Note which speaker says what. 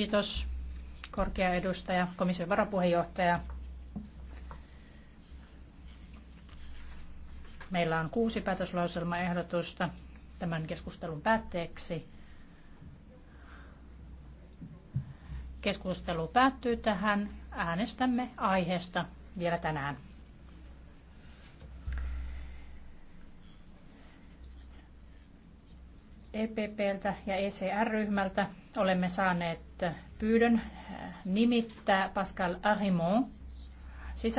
Speaker 1: Kiitos korkea edustaja, komission varapuheenjohtaja. Meillä on kuusi päätöslauselmaehdotusta tämän keskustelun päätteeksi. Keskustelu päättyy tähän. Äänestämme aiheesta vielä tänään. EPPltä ja ECR-ryhmältä olemme saaneet pyydön äh, nimittää Pascal Arimon sisä